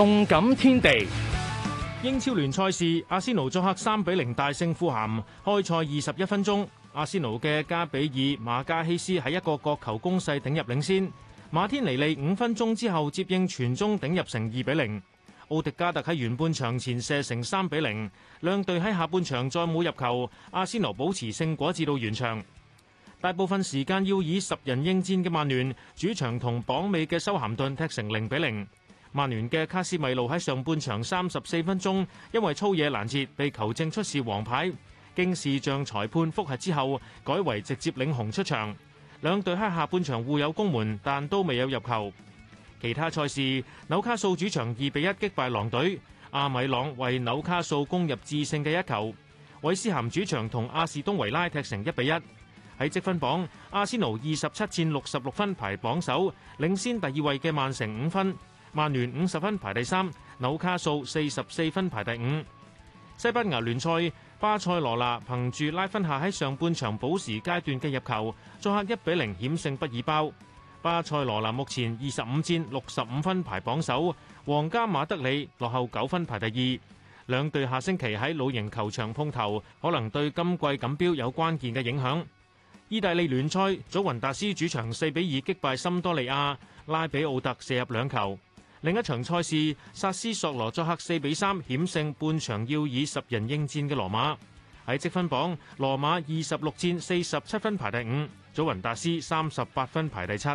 動感天地，英超聯賽事，阿仙奴作客三比零大勝富咸。開賽二十一分鐘，阿仙奴嘅加比爾馬加希斯喺一個角球攻勢頂入領先。馬天尼利五分鐘之後接應傳中頂入成二比零。奧迪加特喺完半場前射成三比零。兩隊喺下半場再冇入球，阿仙奴保持勝果至到完場。大部分時間要以十人應戰嘅曼聯主場同榜尾嘅修咸頓踢成零比零。曼聯嘅卡斯米路喺上半場三十四分鐘，因為粗野攔截被球證出示黃牌，經視像裁判複核之後改為直接領紅出場。兩隊喺下半場互有攻門，但都未有入球。其他賽事，紐卡素主場二比一擊敗狼隊，阿米朗為紐卡素攻入致勝嘅一球。韋斯咸主場同阿士東維拉踢成一比一。喺積分榜，阿仙奴二十七戰六十六分排榜首，領先第二位嘅曼城五分。曼聯五十分排第三，紐卡素四十四分排第五。西班牙聯賽，巴塞羅那憑住拉芬夏喺上半場補時階段嘅入球，作客一比零險勝畢爾包。巴塞羅那目前二十五戰六十五分排榜首，皇家馬德里落後九分排第二。兩隊下星期喺老營球場碰頭，可能對今季錦標有關鍵嘅影響。意大利聯賽，祖雲達斯主場四比二擊敗森多利亞，拉比奧特射入兩球。另一場賽事，薩斯索羅作客四比三險勝半場要以十人應戰嘅羅馬。喺積分榜，羅馬二十六戰四十七分排第五，祖雲達斯三十八分排第七。